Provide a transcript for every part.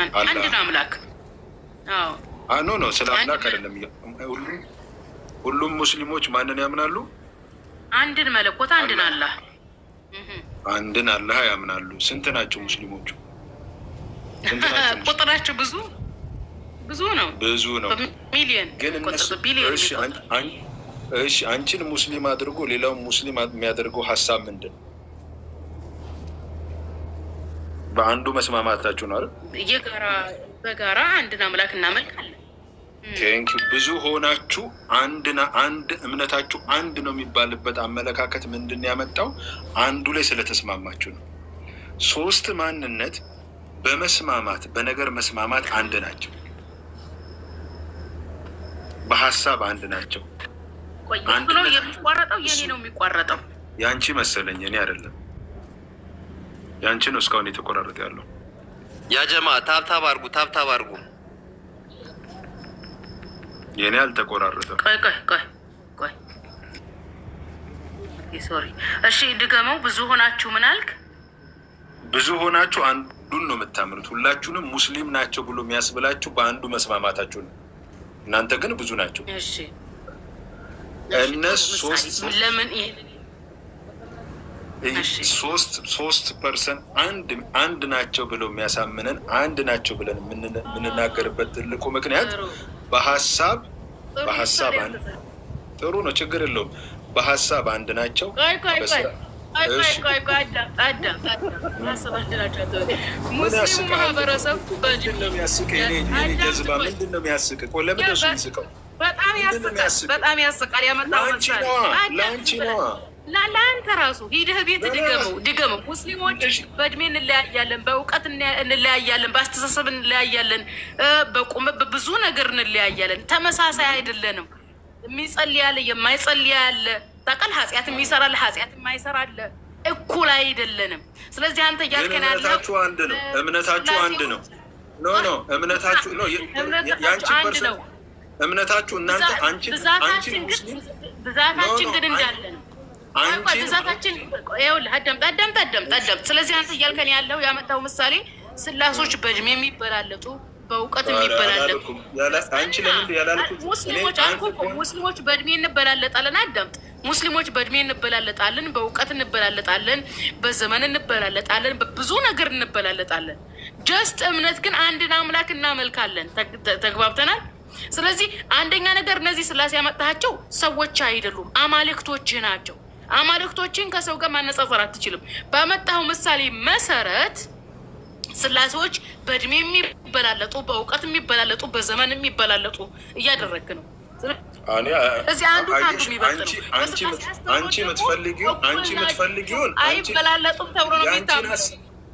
አንድ ነው አምላክ ኖ ስለ አምላክ አይደለም። ሁሉም ሙስሊሞች ማንን ያምናሉ? አንድን መለኮት፣ አንድን አላህ፣ አንድን አላህ ያምናሉ። ስንት ናቸው ሙስሊሞቹ? ቁጥራቸው ብዙ ብዙ ነው፣ ብዙ ነው። ሚሊየን ግን እሺ፣ አንቺን ሙስሊም አድርጎ ሌላውን ሙስሊም የሚያደርገው ሀሳብ ምንድን ነው? በአንዱ መስማማታችሁ ነው አይደል? የጋራ በጋራ አንድን አምላክ እናመልካለን። ቴንኪው ብዙ ሆናችሁ አንድና አንድ እምነታችሁ አንድ ነው የሚባልበት አመለካከት ምንድን ያመጣው? አንዱ ላይ ስለተስማማችሁ ነው። ሶስት ማንነት በመስማማት በነገር መስማማት አንድ ናቸው፣ በሀሳብ አንድ ናቸው። ነው የሚቋረጠው የኔ ነው የሚቋረጠው፣ የአንቺ መሰለኝ እኔ አይደለም ያንቺ ነው እስካሁን የተቆራረጠ ያለው። ያ ጀማ ታብታብ አርጉ፣ ታብታብ አርጉ። የእኔ አልተቆራረጠም። ቆይ ቆይ ቆይ ቆይ፣ ሶሪ። እሺ ድገመው። ብዙ ሆናችሁ ምን አልክ? ብዙ ሆናችሁ አንዱን ነው የምታምኑት። ሁላችሁንም ሙስሊም ናቸው ብሎ የሚያስብላችሁ በአንዱ መስማማታችሁ ነው። እናንተ ግን ብዙ ናቸው። እነሱ ለምን ይሄ ሶስት ፐርሰንት አንድ አንድ ናቸው ብለው የሚያሳምነን አንድ ናቸው ብለን የምንናገርበት ትልቁ ምክንያት በሀሳብ በሀሳብ አንድ ጥሩ ነው፣ ችግር የለውም። በሀሳብ አንድ ናቸው። በጣም ያስቃል። ያመጣው ለአንቺ ነዋ ለአንተ ራሱ ሂደህ ቤት ድገመው ድገመው። ሙስሊሞች በእድሜ እንለያያለን፣ በእውቀት እንለያያለን፣ በአስተሳሰብ እንለያያለን፣ በቁመ በብዙ ነገር እንለያያለን። ተመሳሳይ አይደለንም። የሚጸልይ ያለ የማይጸልይ ያለ ታውቃለህ፣ ኃጢአት የሚሰራ አለ፣ ኃጢአት የማይሰራ እኩል አይደለንም። ስለዚህ አንተ እያልከን ያለ እምነታችሁ አንድ ነው። እምነታችሁ አንድ ነው። ኖ ኖ እምነታችሁ ኖ የአንቺ ፐርሰን እምነታችሁ እናንተ አንቺ አንቺ ብዛታችን ግን እንዳለን ትእዛታችን አዳምጥ አዳምጥ አዳምጥ አዳምጥ። ስለዚህ አንተ እያልከን ያለው ያመጣው ምሳሌ ስላሶች በእድሜ የሚበላለጡ በእውቀት የሚበላለጡ ሙስሊሞች በእድሜ እንበላለጣለን። አዳምጥ ሙስሊሞች በእድሜ እንበላለጣለን፣ በእውቀት እንበላለጣለን፣ በዘመን እንበላለጣለን፣ በብዙ ነገር እንበላለጣለን። ጀስት እምነት ግን አንድን አምላክ እናመልካለን። ተግባብተናል። ስለዚህ አንደኛ ነገር እነዚህ ስላሴ ያመጣቸው ሰዎች አይደሉም፣ አማልክቶችህ ናቸው። አማልክቶችን ከሰው ጋር ማነጻጸር አትችልም። በመጣው ምሳሌ መሰረት ስላሴዎች በእድሜ የሚበላለጡ፣ በእውቀት የሚበላለጡ፣ በዘመን የሚበላለጡ እያደረግ ነው። እዚህ አንዱ ከአንዱ የሚበልጥ ነው። አንቺ የምትፈልጊውን አይበላለጡም ተብሎ ነው የሚታምነው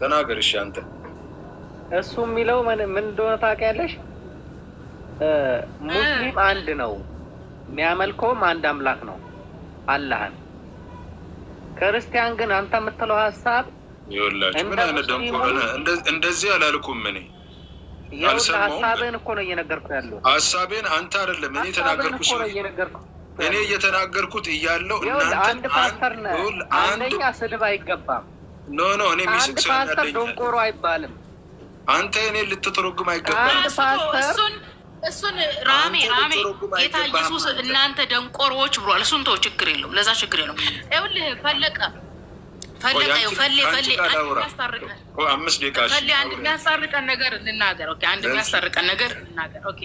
ተናገር እሺ። አንተ እሱ የሚለው ምን እንደሆነ ታውቂያለሽ? ሙስሊም አንድ ነው፣ የሚያመልከውም አንድ አምላክ ነው አላህን። ክርስቲያን ግን አንተ የምትለው ሀሳብ ይኸውላችሁ፣ ምን አይነት ደንቆሮነ። እንደዚህ አላልኩም እኔ ሀሳብህን እኮ ነው እየነገርኩ ያለው። ሀሳቤን አንተ አይደለም እኔ ተናገርኩ እኔ እየተናገርኩት እያለው አንድ ፓስተር ነህ። አንደኛ ስድብ አይገባም ኖ ኖ እኔ ሚስቅ ሰው አንድ ዶንቆሮ አይባልም። አንተ እኔ ልትተረጉም አይገባም። እሱን እሱን ራሜ ራሜ ጌታ ኢየሱስ እናንተ ደንቆሮዎች ብሏል። እሱን ተው፣ ችግር የለውም። ለዛ ችግር የለውም። ይኸውልህ ፈለቀ ፈለቀ ይኸው ፈሌ ፈሌ አንድ የሚያስታርቀን ፈሌ አንድ የሚያስታርቀን ነገር ልናገር። ኦኬ አንድ የሚያስታርቀን ነገር ልናገር። ኦኬ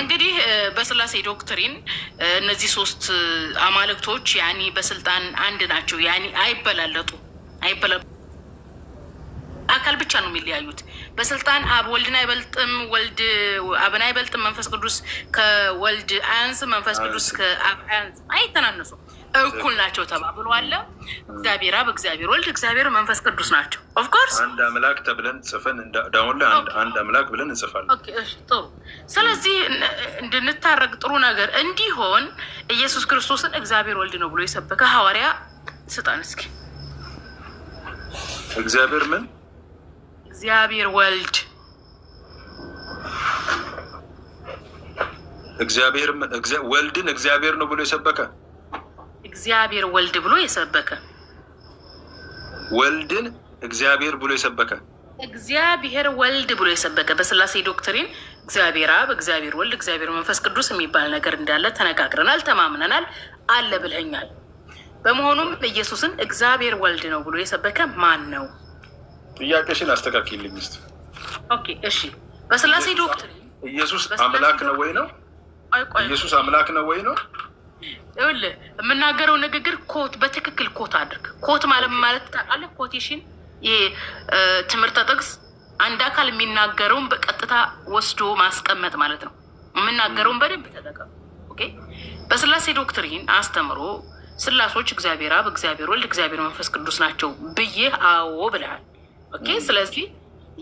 እንግዲህ በስላሴ ዶክትሪን እነዚህ ሶስት አማልክቶች ያኒ በስልጣን አንድ ናቸው። ያኒ አይበላለጡ አይበላለጡ አካል ብቻ ነው የሚለያዩት። በስልጣን አብ ወልድን አይበልጥም፣ ወልድ አብን አይበልጥም፣ መንፈስ ቅዱስ ከወልድ አያንስ፣ መንፈስ ቅዱስ ከአብ አያንስም። አይተናነሱም፣ እኩል ናቸው ተባብሎ አለ። እግዚአብሔር አብ፣ እግዚአብሔር ወልድ፣ እግዚአብሔር መንፈስ ቅዱስ ናቸው። ኦፍኮርስ አንድ አምላክ ተብለን ጽፈን ዳሁን አንድ አምላክ ብለን እንጽፋለን። ጥሩ። ስለዚህ እንድንታረግ ጥሩ ነገር እንዲሆን ኢየሱስ ክርስቶስን እግዚአብሔር ወልድ ነው ብሎ የሰበከ ሐዋርያ ስጠን እስኪ እግዚአብሔር ምን እግዚአብሔር ወልድ ወልድን እግዚአብሔር ነው ብሎ የሰበከ እግዚአብሔር ወልድ ብሎ የሰበከ ወልድን እግዚአብሔር ብሎ የሰበከ እግዚአብሔር ወልድ ብሎ የሰበከ በስላሴ ዶክትሪን እግዚአብሔር አብ፣ እግዚአብሔር ወልድ፣ እግዚአብሔር መንፈስ ቅዱስ የሚባል ነገር እንዳለ ተነጋግረናል፣ ተማምነናል፣ አለ ብለኛል። በመሆኑም ኢየሱስን እግዚአብሔር ወልድ ነው ብሎ የሰበከ ማን ነው? ጥያቄሽን አስተካክልኝ እስኪ። ኦኬ እሺ። በስላሴ ዶክትሪን ኢየሱስ አምላክ ነው ወይ ነው? ኢየሱስ አምላክ ነው ወይ ነው? ይኸውልህ የምናገረው ንግግር ኮት በትክክል ኮት አድርግ። ኮት ማለት ማለት ታውቃለህ፣ ኮቴሽን ይሄ ትምህርተ ጥቅስ አንድ አካል የሚናገረውን በቀጥታ ወስዶ ማስቀመጥ ማለት ነው። የምናገረውን በደንብ ተጠቀም። በስላሴ ዶክትሪን አስተምሮ ስላሶች እግዚአብሔር አብ፣ እግዚአብሔር ወልድ፣ እግዚአብሔር መንፈስ ቅዱስ ናቸው ብዬ አዎ ብለሃል። ኦኬ። ስለዚህ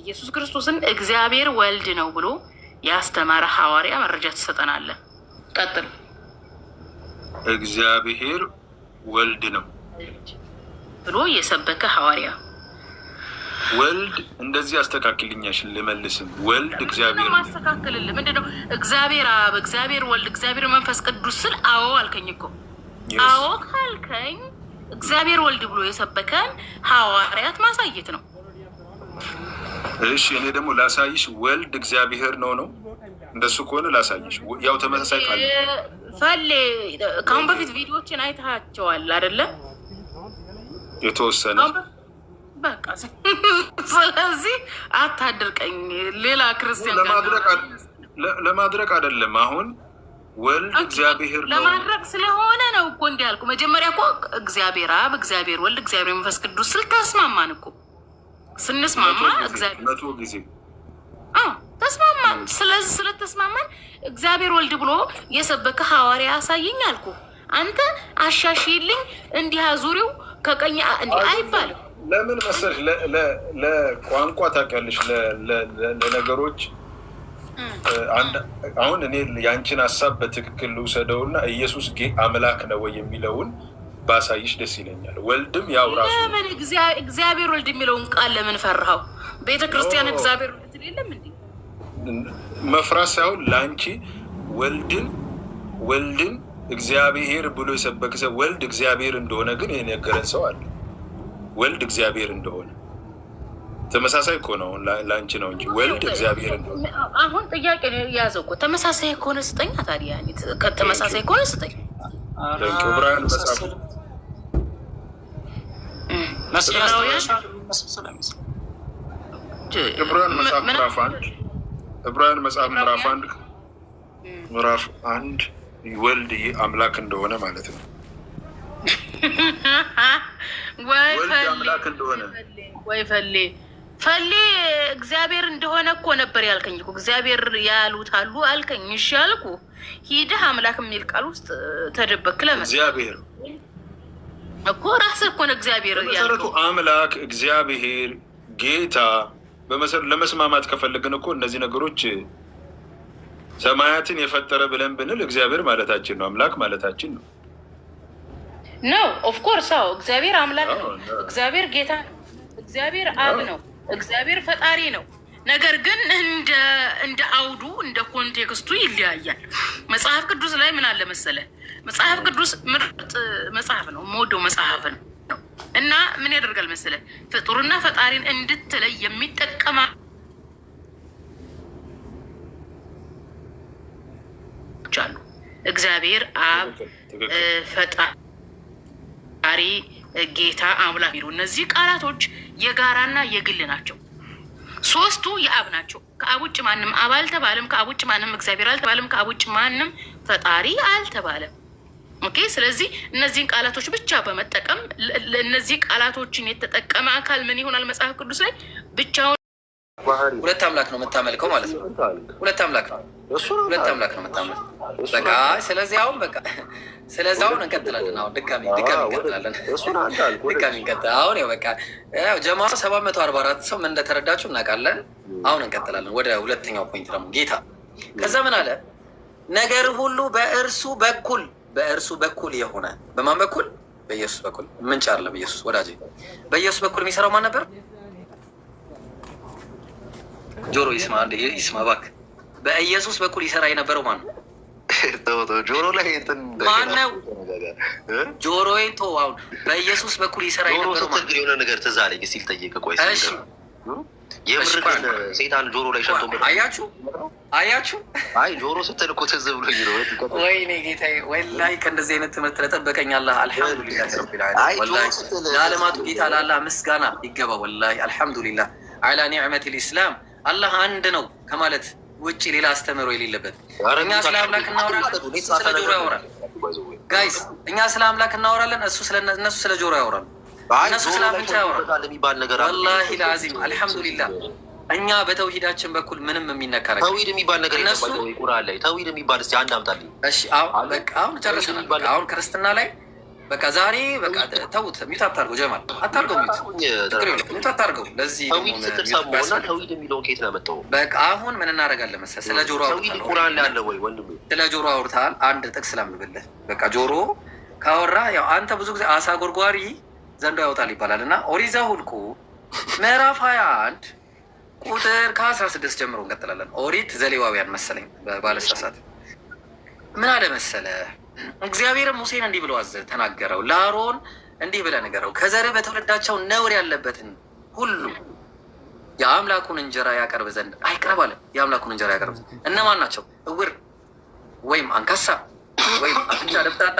ኢየሱስ ክርስቶስን እግዚአብሔር ወልድ ነው ብሎ ያስተማረ ሐዋርያ መረጃ ትሰጠናለህ። ቀጥል። እግዚአብሔር ወልድ ነው ብሎ የሰበከ ሐዋርያ ወልድ እንደዚህ አስተካክልኛሽ ልመልስም ወልድ እግዚአብሔር ማስተካክልልህ ምንድነው? እግዚአብሔር አብ፣ እግዚአብሔር ወልድ፣ እግዚአብሔር መንፈስ ቅዱስ ስል አዎ አልከኝ እኮ አዎ ካልከኝ እግዚአብሔር ወልድ ብሎ የሰበከን ሐዋርያት ማሳየት ነው። እሺ እኔ ደግሞ ላሳይሽ፣ ወልድ እግዚአብሔር ነው ነው። እንደሱ ከሆነ ላሳይሽ። ያው ተመሳሳይ ቃል ፈሌ፣ ከአሁን በፊት ቪዲዮዎችን አይተሃቸዋል አደለ? የተወሰነ በቃ። ስለዚህ አታድርቀኝ። ሌላ ክርስቲያን ለማድረግ አይደለም አሁን ወልድ እግዚአብሔር ለማድረግ ስለሆነ ነው እኮ እንዲያልኩ። መጀመሪያ እኮ እግዚአብሔር አብ፣ እግዚአብሔር ወልድ፣ እግዚአብሔር መንፈስ ቅዱስ ስል ተስማማን እኮ ስንስማማ መቶ ጊዜ ተስማማን። ስለዚህ ስለተስማማን እግዚአብሔር ወልድ ብሎ የሰበከ ሐዋርያ ያሳየኝ አልኩ። አንተ አሻሽልኝ እንዲህ አዙሪው ከቀኝ እንዲህ አይባልም። ለምን መሰለሽ ለቋንቋ ታውቂያለሽ፣ ለነገሮች አሁን እኔ ያንቺን ሀሳብ በትክክል ልውሰደውና ኢየሱስ አምላክ ነው ወይ የሚለውን ባሳይሽ ደስ ይለኛል። ወልድም ያው ራሱ ለምን እግዚአብሔር ወልድ የሚለውን ቃል ለምን ፈራኸው? ቤተ ክርስቲያን እግዚአብሔር ወልድ የለም እንዴ? መፍራት ሳይሆን ለአንቺ ወልድን ወልድን እግዚአብሔር ብሎ የሰበከ ሰው ወልድ እግዚአብሔር እንደሆነ ግን የነገረን ሰው አለ። ወልድ እግዚአብሔር እንደሆነ ተመሳሳይ እኮ ነው። ለአንቺ ነው እንጂ ወልድ እግዚአብሔር እንደሆነ አሁን ጥያቄ ያዘው እኮ ተመሳሳይ ከሆነ ስጠኛ ታዲያ ተመሳሳይ ከሆነ ስጠኝ። ብራን መጽሐፍ ዕብራውያን መጽሐፍ ምዕራፍ አንድ ምዕራፍ አንድ ወልድ አምላክ እንደሆነ ማለት ነው። ወይ ፈሌ ፈሌ እግዚአብሔር እንደሆነ እኮ ነበር ያልከኝ እኮ እግዚአብሔር ያሉት አሉ አልከኝ። እሺ አልኩ። ሂደህ አምላክ የሚል ቃል ውስጥ ተደበክ ለመ እግዚአብሔር እኮ ራስ እኮ ነው እግዚአብሔር። መሰረቱ አምላክ እግዚአብሔር ጌታ። ለመስማማት ከፈለግን እኮ እነዚህ ነገሮች ሰማያትን የፈጠረ ብለን ብንል እግዚአብሔር ማለታችን ነው፣ አምላክ ማለታችን ነው። ነው ኦፍኮርስ፣ አዎ እግዚአብሔር አምላክ ነው፣ እግዚአብሔር ጌታ ነው፣ እግዚአብሔር አብ ነው፣ እግዚአብሔር ፈጣሪ ነው። ነገር ግን እንደ አውዱ እንደ ኮንቴክስቱ ይለያያል። መጽሐፍ ቅዱስ ላይ ምን አለ መሰለህ መጽሐፍ ቅዱስ ምርጥ መጽሐፍ ነው፣ የምወደው መጽሐፍ ነው። እና ምን ያደርጋል መሰለህ ፍጡርና ፈጣሪን እንድትለይ የሚጠቀማ አሉ እግዚአብሔር አብ ፈጣሪ ጌታ አምላክ የሚሉ እነዚህ ቃላቶች የጋራና የግል ናቸው። ሶስቱ የአብ ናቸው። ከአብ ውጭ ማንም አብ አልተባለም። ከአብ ውጭ ማንም እግዚአብሔር አልተባለም። ከአብ ውጭ ማንም ፈጣሪ አልተባለም። ኦኬ። ስለዚህ እነዚህን ቃላቶች ብቻ በመጠቀም እነዚህ ቃላቶችን የተጠቀመ አካል ምን ይሆናል? መጽሐፍ ቅዱስ ላይ ብቻውን ሁለት አምላክ ነው የምታመልከው ማለት ነው። ሁለት አምላክ ነው ሁለት አምላክ ነው የምታመልከው። በቃ ስለዚህ አሁን በቃ ስለዚህ አሁን እንቀጥላለን። አሁን ድጋሚ ድጋሚ እንቀጥላለን። ድጋሚ እንቀጥል አሁን በቃ ጀማ ሰባት መቶ አርባ አራት ሰው ምን እንደተረዳችሁ እናውቃለን። አሁን እንቀጥላለን ወደ ሁለተኛው ፖይንት ደግሞ ጌታ ከዛ ምን አለ ነገር ሁሉ በእርሱ በኩል በእርሱ በኩል የሆነ በማን በኩል? በኢየሱስ በኩል ምንጭ አለ። በኢየሱስ ወዳጅ፣ በኢየሱስ በኩል የሚሰራው ማን ነበር? ጆሮ ይስማ፣ ይስማ እባክህ። በኢየሱስ በኩል ይሰራ የነበረው ማን ነው? ጆሮ ላይ እንትን ማን ነው? ጆሮዬን ተው። አሁን በኢየሱስ በኩል ይሰራ የነበረው ማን ነው? ጆሮ ስትል የሆነ ነገር ትዝ አለኝ ሲል ጠየቀ። ቆይ እሺ የምርቅን ሴጣን ጆሮ ላይ ሸንቶበት አያችሁ አያችሁ። አይ ጆሮ ስትል እኮ ትዝ ብሎኝ ነው። ወይኔ ጌታዬ፣ ወላሂ ከእንደዚህ አይነት ትምህርት ለጠበቀኝ አላህ አልሐምዱሊላህ። ለዓለማቱ ጌታ ለአላህ ምስጋና ይገባ። ወላሂ አልሐምዱሊላህ አላ ኒዕመት ልኢስላም። አላህ አንድ ነው ከማለት ውጭ ሌላ አስተምህሮ የሌለበት እኛ ስለ አምላክ እናወራለን፣ ስለ ጆሮ ያወራል። ጋይስ እኛ ስለ አምላክ እናወራለን፣ እሱ እነሱ ስለ ጆሮ ያወራል። እነሱ ስላፍንቻ የሚባል ነገር ወላሂ ለአዚም አልሐምዱሊላ እኛ በተውሂዳችን በኩል ምንም የሚነካ ነገር ተውሂድ የሚባል ነገር ቁርአን ላይ ተውሂድ የሚባል እስኪ አንድ አምጣልኝ። እሺ አሁን ጨርሰናል። አሁን ክርስትና ላይ በቃ ዛሬ በቃ ተውት። ሚውት አታርገው ጀማል፣ አታርገው ሚውት አታርገው። ለዚህ ተውሂድ የሚለውን ከየት ነው ያመጣው? በቃ አሁን ምን እናደርጋለን መሰለህ? ስለ ጆሮ ቁርአን ላይ አለ ወይ ወንድሜ? ስለ ጆሮ አውርተሃል። አንድ ጥቅስ ላምብልህ። በቃ ጆሮ ካወራ ያው አንተ ብዙ ጊዜ አሳ ጎርጓሪ ዘንዶ ያወጣል ይባላል እና ኦሪት ዘኍልቍ ምዕራፍ ሀያ አንድ ቁጥር ከአስራ ስድስት ጀምሮ እንቀጥላለን። ኦሪት ዘሌዋውያን መሰለኝ ባለስሳት ምን አለ መሰለ እግዚአብሔርም ሙሴን እንዲህ ብሎ አዘ ተናገረው ለአሮን እንዲህ ብለ ነገረው ከዘርህ በትውልዳቸው ነውር ያለበትን ሁሉ የአምላኩን እንጀራ ያቀርብ ዘንድ አይቅረብ አለ። የአምላኩን እንጀራ ያቀርብ ዘንድ እነማን ናቸው? እውር ወይም አንካሳ ወይም አፍንጫ ደብጣጣ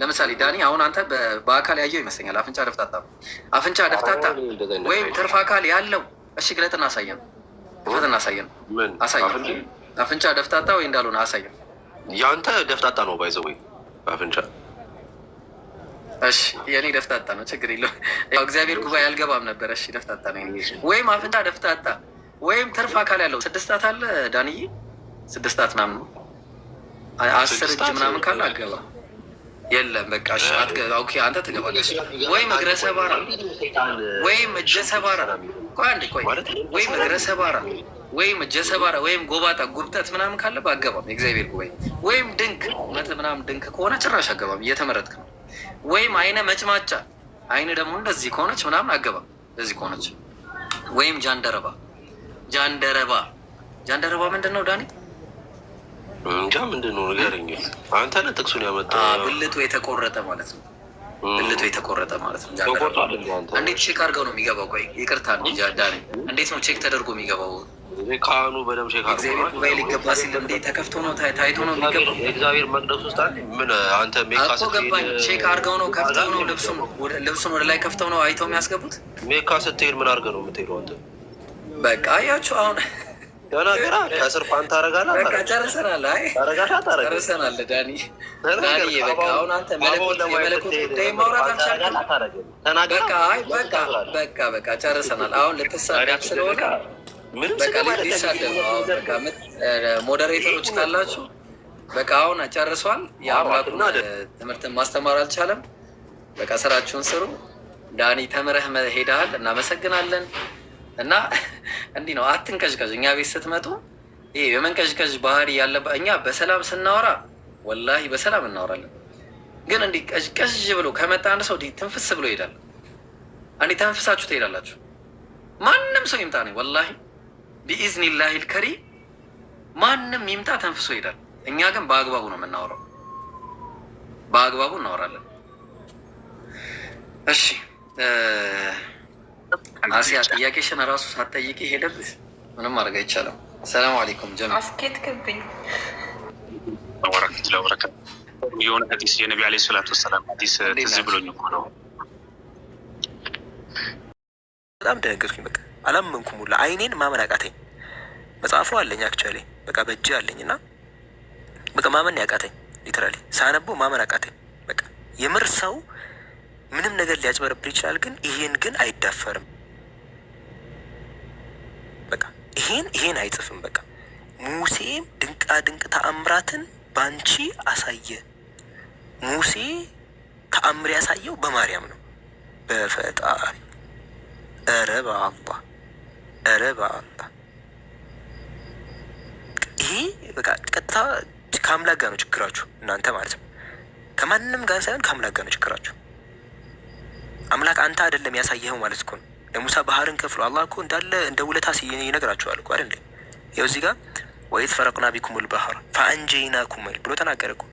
ለምሳሌ ዳኒ አሁን አንተ በአካል ያየው ይመስለኛል። አፍንጫ ደፍታታ አፍንጫ ደፍታታ ወይም ትርፍ አካል ያለው እሺ፣ ግለት አሳየን፣ ግለት አሳየን፣ አሳየን። አፍንጫ ደፍታታ ወይ እንዳልሆነ አሳየን። የአንተ ደፍታታ ነው ባይዘ ወይ አፍንጫ። እሺ፣ የኔ ደፍታታ ነው፣ ችግር የለው። ያው እግዚአብሔር ጉባኤ አልገባም ነበር። እሺ፣ ደፍታታ ነው ወይም አፍንጫ ደፍታታ ወይም ትርፍ አካል ያለው ስድስታት አለ ዳንዬ፣ ስድስታት ምናምን አስር እጅ ምናምን ካለ አልገባ የለም በቃ አንተ ትገባለች ወይ እግረ ሰባራ ወይም እጀ ሰባራ አንድ ቆይ ወይም እግረ ሰባራ ወይም እጀ ሰባራ ወይም ጎባጣ ጉብጠት ምናምን ካለ አገባም የእግዚአብሔር ጉባኤ ወይም ድንክ መጥ ምናምን ድንክ ከሆነ ጭራሽ አገባም እየተመረጥክ ነው። ወይም አይነ መጭማጫ አይነ ደግሞ እንደዚህ ከሆነች ምናምን አገባም እዚህ ከሆነች ወይም ጃንደረባ ጃንደረባ ጃንደረባ ምንድን ነው ዳኔ እንጃ ምንድን ነው ንገረኝ። አንተ ነህ ጥቅሱን ያመጣ ብልቱ የተቆረጠ ማለት ነው። ብልቱ የተቆረጠ ማለት ነው። እንዴት ቼክ አድርገው ነው የሚገባው? ቆይ ይቅርታ ነው ጃዳ ነኝ። እንዴት ነው ቼክ ተደርጎ የሚገባው? ካህኑ በደምብ ሼክ አድርጎ ጉባኤ ሊገባ ሲል እንዴ ተከፍቶ ነው ታይቶ ነው የሚገባው? የእግዚአብሔር መቅደስ ውስጥ አለ። ምን አንተ ሜካ ስትሄድ ገባኝ። ቼክ አድርገው ነው ከፍተው ነው ልብሱን ወደ ላይ ከፍተው ነው አይተው የሚያስገቡት። ሜካ ስትሄድ ምን አድርገህ ነው የምትሄደው አንተ? በቃ አያችሁ አሁን ገና ገና ከስር ፓን ታረጋላ ጨርሰናል። ጨርሰናል። ዳኒ በቃ በቃ ጨርሰናል። አሁን ልትሳደብ ስለሆነ በቃ ካላችሁ በቃ አሁን ጨርሷል። የአምላኩን ትምህርትን ማስተማር አልቻለም። በቃ ስራችሁን ስሩ። ዳኒ ተምረህ ሄደሃል። እናመሰግናለን። እና እንዲህ ነው። አትንቀዥቀዥ። እኛ ቤት ስትመጡ ይሄ የመንቀዥቀዥ ባህሪ ያለባ እኛ በሰላም ስናወራ ወላሂ በሰላም እናወራለን። ግን እንዲህ ቀዥቀዥ ብሎ ከመጣ አንድ ሰው ትንፍስ ብሎ ይሄዳል። እንዲህ ተንፍሳችሁ ትሄዳላችሁ። ማንም ሰው ይምጣ ነኝ ወላሂ ቢኢዝኒላሂ ልከሪ ማንም ይምጣ ተንፍሶ ይሄዳል። እኛ ግን በአግባቡ ነው የምናወራው፣ በአግባቡ እናወራለን። እሺ አሲያ ጥያቄሽን ራሱ ሳትጠይቂ ሄደብሽ። ምንም አይቻልም። ሰላም አለይኩም ጀ አስኬት ክብኝ የሆነ የነቢ ወሰላም ትዝ ብሎኝ እኮ ነው። በጣም ደነገጥኩኝ። በቃ አላመንኩም ሁላ አይኔን ማመን አቃተኝ። መጽሐፉ አለኝ አክቹዋሊ በቃ በእጅ አለኝ እና በቃ ማመን ያቃተኝ ሊትራሊ ሳነቦ ማመን አቃተኝ። በቃ የምር ሰው ምንም ነገር ሊያጭበረብር ይችላል፣ ግን ይሄን ግን አይዳፈርም። በቃ ይሄን ይሄን አይጽፍም። በቃ ሙሴም ድንቃ ድንቅ ተአምራትን ባንቺ አሳየ። ሙሴ ተአምር ያሳየው በማርያም ነው። በፈጣሪ ኧረ በአባ ኧረ በአባ ይሄ በቃ ቀጥታ ከአምላክ ጋር ነው ችግራችሁ እናንተ ማለት ነው። ከማንም ጋር ሳይሆን ከአምላክ ጋር ነው ችግራችሁ። አምላክ አንተ አይደለም ያሳየኸው ማለት እኮ ነው። ለሙሳ ባህርን ከፍሎ አላህ እኮ እንዳለ እንደ ውለታ ይነግራቸዋል እኮ አይደል? ያው እዚህ ጋር ወይት ፈረቅና ቢኩሙል ባህር ፈአንጀይናኩም ብሎ ተናገረ እኮ።